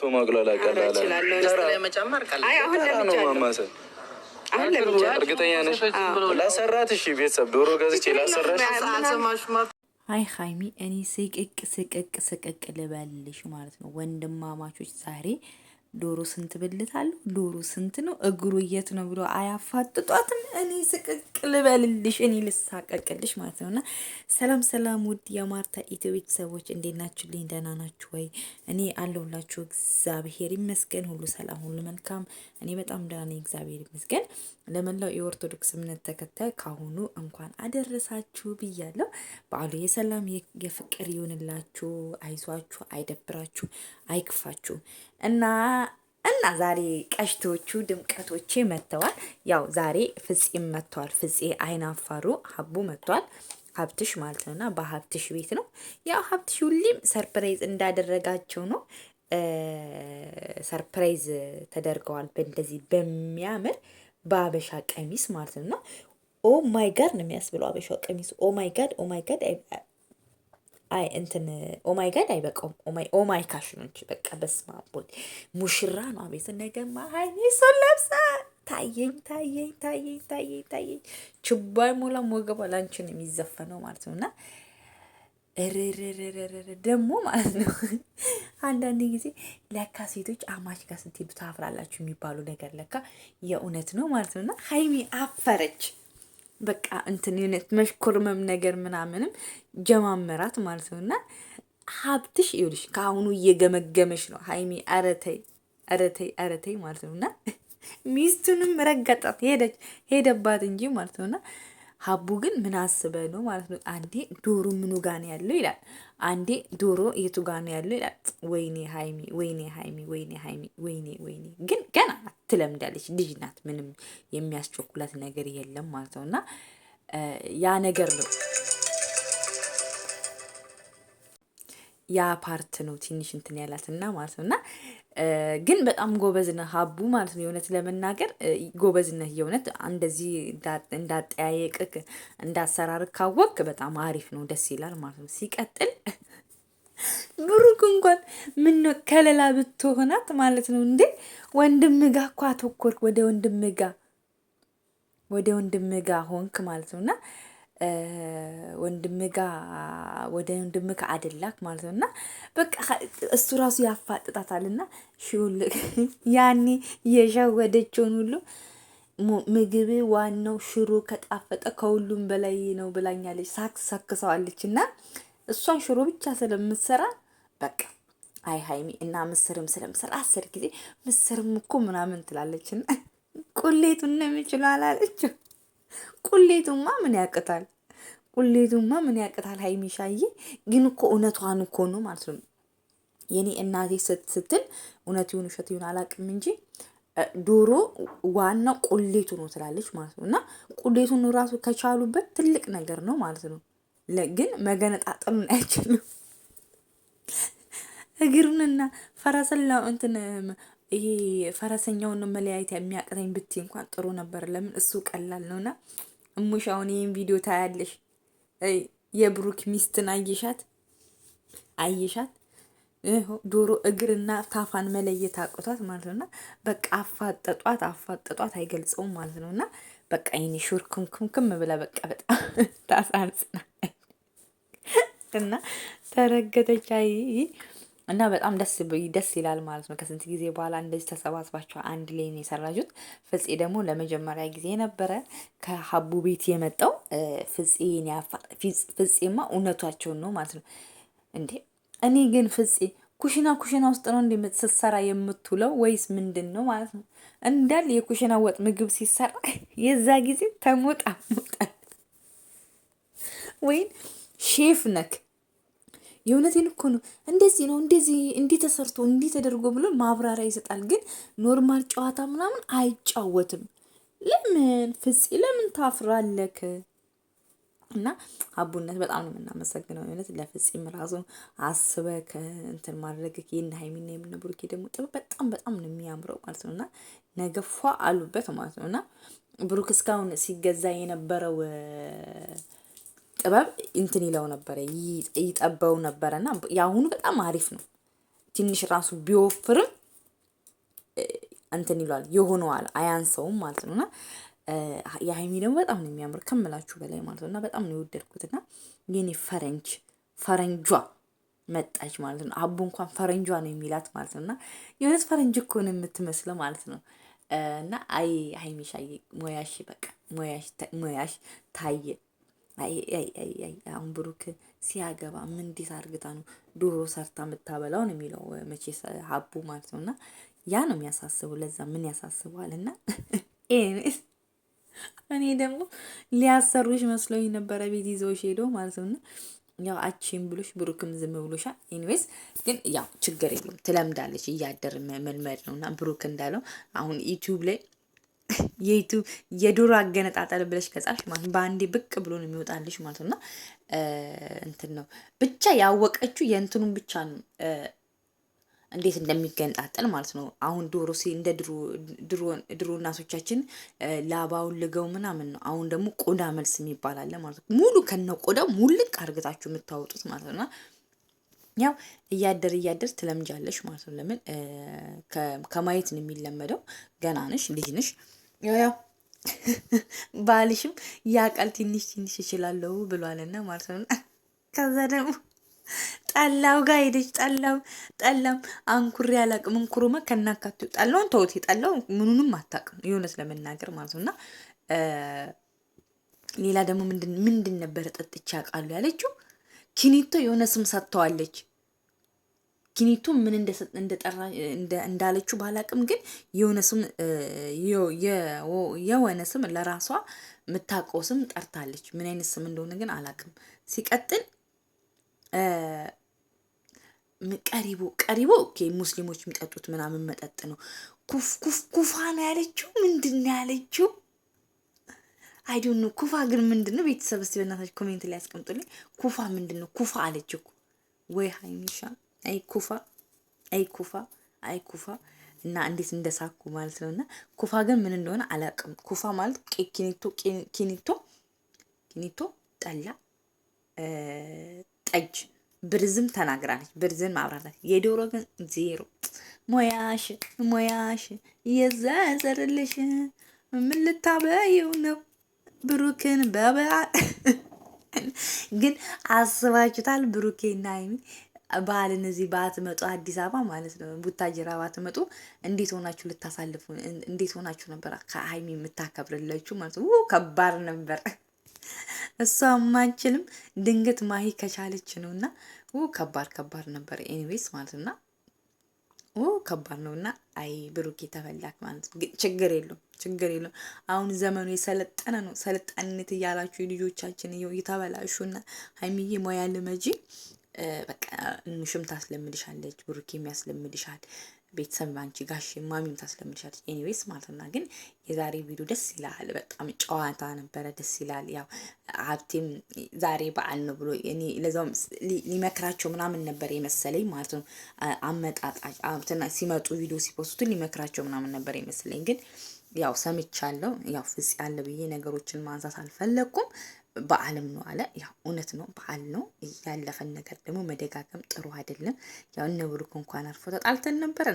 ሽቶ ማቁላላ ቀላል ነው ማማሰል እርግጠኛ እሺ፣ ዶሮ አይ ሀይሚ፣ እኔ ስቅቅ ስቅቅ ስቅቅ ልበልሽ ማለት ነው። ወንድማማቾች ዛሬ ዶሮ ስንት ብልት ዶሮ ስንት ነው? እግሩ የት ነው ብሎ አያፋጥጧትም። እኔ ስቅቅ ልበልልሽ፣ እኔ ልሳቀቅልሽ ማለት ነው። እና ሰላም ሰላም፣ ውድ የማርታ ኢትዮ ቤተሰቦች እንዴት ናችሁልኝ? ደህና ናችሁ ወይ? እኔ አለሁላችሁ፣ እግዚአብሔር ይመስገን። ሁሉ ሰላም፣ ሁሉ መልካም። እኔ በጣም ደህና ነኝ፣ እግዚአብሔር ይመስገን። ለመላው የኦርቶዶክስ እምነት ተከታይ ካሁኑ እንኳን አደረሳችሁ ብያለሁ። በዓሉ የሰላም የፍቅር ይሁንላችሁ። አይዟችሁ፣ አይደብራችሁ፣ አይክፋችሁ። እና እና ዛሬ ቀሽቶቹ ድምቀቶቼ መጥተዋል። ያው ዛሬ ፍፄም መጥተዋል። ፍፄ አይናፋሩ ሀቡ መጥቷል። ሀብትሽ ማለት ነው እና በሀብትሽ ቤት ነው። ያው ሀብትሽ ሁሌም ሰርፕራይዝ እንዳደረጋቸው ነው። ሰርፕራይዝ ተደርገዋል። በእንደዚህ በሚያምር በአበሻ ቀሚስ ማለት ነው ኦ ማይ ጋድ ነው የሚያስብለው አበሻው ቀሚስ ኦ ማይ ጋድ ኦ ማይ ጋድ አይ እንትን ኦማይ ጋድ አይበቃውም። ኦማይ ኦማይ ካሽኖች በቃ በስመ አብ ሙሽራ ነው። አቤት ነገማ ሀይኔ እሱን ለብሳ ታየኝ ታየኝ ታየኝ ታየኝ ታየኝ ችባይ ሞላ ወገቧ ላንቺ ነው የሚዘፈነው ማለት ነው። እና ርርርርር ደግሞ ማለት ነው አንዳንድ ጊዜ ለካ ሴቶች አማች ጋር ስትሄዱ ታፍራላችሁ የሚባሉ ነገር ለካ የእውነት ነው ማለት ነው። እና ሀይሚ አፈረች። በቃ እንትን ዩነት መሽኮርመም ነገር ምናምንም ጀማመራት ማለት ነው። እና ሀብትሽ ይኸውልሽ ከአሁኑ እየገመገመሽ ነው ሀይሚ። አረተይ አረተይ አረተይ ማለት ነው። እና ሚስቱንም ረገጣት ሄደች ሄደባት እንጂ ማለት ነው። እና ሀቡ ግን ምን አስበ ነው ማለት ነው። አንዴ ዶሮ ምኑ ጋን ያለው ይላል፣ አንዴ ዶሮ የቱ ጋን ነው ያለው ይላል። ወይኔ ሀይሚ፣ ወይኔ ሀይሚ፣ ወይኔ ሀይሚ፣ ወይኔ ወይኔ ግን ገና ትለምዳለች። ልጅ ናት። ምንም የሚያስቸኩላት ነገር የለም ማለት ነው እና ያ ነገር ነው ያ ፓርት ነው ትንሽ እንትን ያላትና ማለት ነው እና ግን በጣም ጎበዝ ነህ ሀቡ ማለት ነው። የእውነት ለመናገር ጎበዝ ነህ። የእውነት እንደዚህ እንዳጠያየቅክ እንዳሰራርክ ካወቅክ በጣም አሪፍ ነው። ደስ ይላል ማለት ነው። ሲቀጥል ብሩክ እንኳን ምነው ከለላ ብትሆናት ማለት ነው እንዴ! ወንድም ጋ እኮ አተኮርክ፣ ወደ ወንድም ጋ ወደ ወንድም ጋ ሆንክ ማለት ነው እና ወንድም ጋ ወደ ወንድም ጋ አደላክ ማለት ነው እና በቃ እሱ ራሱ ያፋጥጣታል እና ሽውል ያኔ የሸወደችውን ሁሉ ምግብ ዋናው ሽሮ ከጣፈጠ ከሁሉም በላይ ነው ብላኛለች፣ ሳክሳክሰዋለች እና እሷን ሽሮ ብቻ ስለምትሰራ በቃ አይ ሀይሚ እና ምስርም ስለምሰራ አስር ጊዜ ምስርም እኮ ምናምን ትላለችና ቁሌቱን ነው የሚችለው አላለችው። ቁሌቱማ ምን ያቅታል? ቁሌቱማ ምን ያቅታል? ሀይሚ ሀይሚሻዬ ግን እኮ እውነቷን እኮ ነው ማለት ነው። የኔ እናቴ ስትል እውነት ይሁን ውሸት ይሁን አላቅም እንጂ ዶሮ ዋናው ቁሌቱ ነው ትላለች ማለት ነው። እና ቁሌቱን ራሱ ከቻሉበት ትልቅ ነገር ነው ማለት ነው። ግን መገነጣጠሉን አይችልም። እግሩንና ፈረሰላ እንትን ይሄ ፈረሰኛውን መለያየት የሚያቅተኝ ብቲ እንኳን ጥሩ ነበር። ለምን እሱ ቀላል ነውና። እሙሽ አሁን ይህን ቪዲዮ ታያለሽ። የብሩክ ሚስትን አየሻት አየሻት ዶሮ እግርና ታፋን መለየት አቁቷት ማለት ነውና፣ በቃ አፋጠጧት አፋጠጧት አይገልጸውም ማለት ነውና፣ በቃ ይኔ ሹር ክምክምክም ብላ በቃ በጣም ታሳንጽና እና ተረገጠች። አይ እና በጣም ደስ ደስ ይላል ማለት ነው። ከስንት ጊዜ በኋላ እንደዚህ ተሰባስባቸው አንድ ላይ ነው የሰራችሁት። ፍፄ ደግሞ ለመጀመሪያ ጊዜ ነበረ ከሀቡ ቤት የመጣው። ፍፄማ እውነቷቸውን ነው ማለት ነው እንዴ። እኔ ግን ፍፄ ኩሽና ኩሽና ውስጥ ነው እንደ ስትሰራ የምትውለው ወይስ ምንድን ነው ማለት ነው? እንዳል የኩሽና ወጥ ምግብ ሲሰራ የዛ ጊዜ ተሞጣ ሞጣ ወይም ሼፍ ነክ የእውነቴን እኮ ነው። እንደዚህ ነው እንደዚህ እንዲህ ተሰርቶ እንዲህ ተደርጎ ብሎ ማብራሪያ ይሰጣል። ግን ኖርማል ጨዋታ ምናምን አይጫወትም። ለምን ፍፄ ለምን ታፍራለክ? እና አቡነት በጣም ነው የምናመሰግነው። የእውነት ለፍጽም ራሱ አስበህ እንትን ማድረግ ይህን ሀይሚና የምንብሩኬ ደግሞ ጥበብ በጣም በጣም ነው የሚያምረው ማለት ነው። እና ነገፏ አሉበት ማለት ነው። እና ብሩክ እስካሁን ሲገዛ የነበረው ጥበብ እንትን ይለው ነበረ ይጠበው እና የአሁኑ በጣም አሪፍ ነው። ትንሽ ራሱ ቢወፍርም እንትን ይሏል የሆነዋል አያንሰውም ማለት ነው። እና የሀይሚ ደግሞ በጣም ነው የሚያምር ከምላችሁ በላይ ማለት ነው። እና በጣም ነው የወደድኩትና የኔ ፈረንጅ ፈረንጇ መጣች ማለት ነው። አቡ እንኳን ፈረንጇ ነው የሚላት ማለት ነው። እና የሆነት ፈረንጅ እኮ ነው የምትመስለው ማለት ነው። እና አይ ሀይሚሻዬ ሞያሽ በቃ ሞያሽ ታየ አሁን ብሩክ ሲያገባ ምን እንዴት አርግታ ነው ዶሮ ሰርታ የምታበላው ነው የሚለው መቼ ሀቡ ማለት ነው። እና ያ ነው የሚያሳስቡ። ለዛ ምን ያሳስበዋል? እና እኔ ደግሞ ሊያሰሩሽ መስሎኝ ነበረ ቤት ይዘውሽ ሄዶ ማለት ነው። እና ያው አቺም ብሎሽ ብሩክም ዝም ብሎሻል። ኤኒዌይስ ግን ያው ችግር የለም ትለምዳለች። እያደር መልመድ ነው እና ብሩክ እንዳለው አሁን ዩቲዩብ ላይ የዩቱብ የዶሮ አገነጣጠል ብለሽ ከጻፍሽ ማለት በአንዴ ብቅ ብሎ ነው የሚወጣልሽ ማለት ነው። እንትን ነው ብቻ ያወቀችው የእንትኑን ብቻ ነው እንዴት እንደሚገነጣጠል ማለት ነው። አሁን ዶሮ እንደ ድሮ እናቶቻችን ላባውን ልገው ምናምን ነው። አሁን ደግሞ ቆዳ መልስ የሚባል አለ ማለት ነው። ሙሉ ከነ ቆዳው ሙልቅ አርግታችሁ የምታወጡት ማለት ነው። ያው እያደር እያደር ትለምጃለሽ ማለት ነው። ለምን ከማየት ነው የሚለመደው። ገና ነሽ፣ ልጅ ነሽ። ያው ባልሽም ያቃል ትንሽ ትንሽ እችላለሁ ብሏልና ማለት ነው። ከዛ ደግሞ ጠላው ጋር ሄደች። ጠላው ጠላም አንኩሬ አላቅም እንኩሩመ ከናካቱ ጠላውን ተውት። ጠላው ምኑንም አታቅም የሆነት ለመናገር ማለት ነው። እና ሌላ ደግሞ ምንድን ነበር ጠጥቼ አውቃለሁ ያለችው ኪኒቶ የሆነ ስም ሰጥተዋለች። ጊኒቱ ምን እንዳለችው ባላቅም፣ ግን የሆነ ስም የሆነ ስም ለራሷ የምታውቀው ስም ጠርታለች። ምን አይነት ስም እንደሆነ ግን አላቅም። ሲቀጥል ቀሪቦ ቀሪቦ ሙስሊሞች የሚጠጡት ምናምን መጠጥ ነው። ኩፋ ነው ያለችው። ምንድን ነው ያለችው? አይዶን ኩፋ ግን ምንድን ነው? ቤተሰብ እስቲ በእናታችሁ ኮሜንት ላይ ያስቀምጡልኝ። ኩፋ ምንድን ነው? ኩፋ አለች እኮ ወይ ሀይሚሻ አይኩፋ አይኩፋ አይኩፋ እና እንዴት እንደሳኩ ማለት ነው። እና ኩፋ ግን ምን እንደሆነ አላውቅም። ኩፋ ማለት ኪኒቶ ኪኒቶ ኪኒቶ ጠላ ጠጅ ብርዝም ተናግራለች። ብርዝን ማብራራት የዶሮ ግን ዜሮ። ሞያሽ ሞያሽ እየዘዘርልሽ ምን ልታበይው ነው? ብሩክን በበ ግን አስባችሁታል? ብሩኬና ሀይሚ በዓልን እዚህ ባትመጡ አዲስ አበባ ማለት ነው ቡታጅራ ባትመጡ እንዴት ሆናችሁ ልታሳልፉ እንዴት ሆናችሁ ነበር ከሀይሚ የምታከብርለችሁ ማለት ነው? ከባድ ነበር። እሷ ማንችልም ድንገት ማሂ ከቻለች ነው እና ከባድ ከባድ ነበር። ኤኒዌይስ ማለት ና ከባድ ነው እና አይ ብሩኬ ተፈላክ ማለት ችግር የለም ችግር የለም። አሁን ዘመኑ የሰለጠነ ነው። ሰለጠነት እያላችሁ ልጆቻችን እየተበላሹና ሀይሚዬ ሞያ ልመጂ በቃ እኑሽም ታስለምድሻለች፣ ብሩኬም ያስለምድሻል፣ ቤተሰብ ባንቺ ጋሽ ማሚም ታስለምድሻለች። ኤኒዌይስ ማለት ና ግን የዛሬ ቪዲዮ ደስ ይላል። በጣም ጨዋታ ነበረ፣ ደስ ይላል። ያው ሀብቴም ዛሬ በዓል ነው ብሎ እኔ ለዛውም ሊመክራቸው ምናምን ነበር የመሰለኝ ማለት ነው። አመጣጣች ሀብትና ሲመጡ ቪዲዮ ሲፖስቱ ሊመክራቸው ምናምን ነበር የመሰለኝ ግን ያው ሰምቻለሁ። ያው ፍጽ ያለ ብዬ ነገሮችን ማንሳት አልፈለግኩም። በዓልም ነው አለ። ያው እውነት ነው፣ በዓል ነው። ያለፈን ነገር ደግሞ መደጋገም ጥሩ አይደለም። ያው እነ ብሩክ እንኳን አርፎ ተጣልተን ነበረ።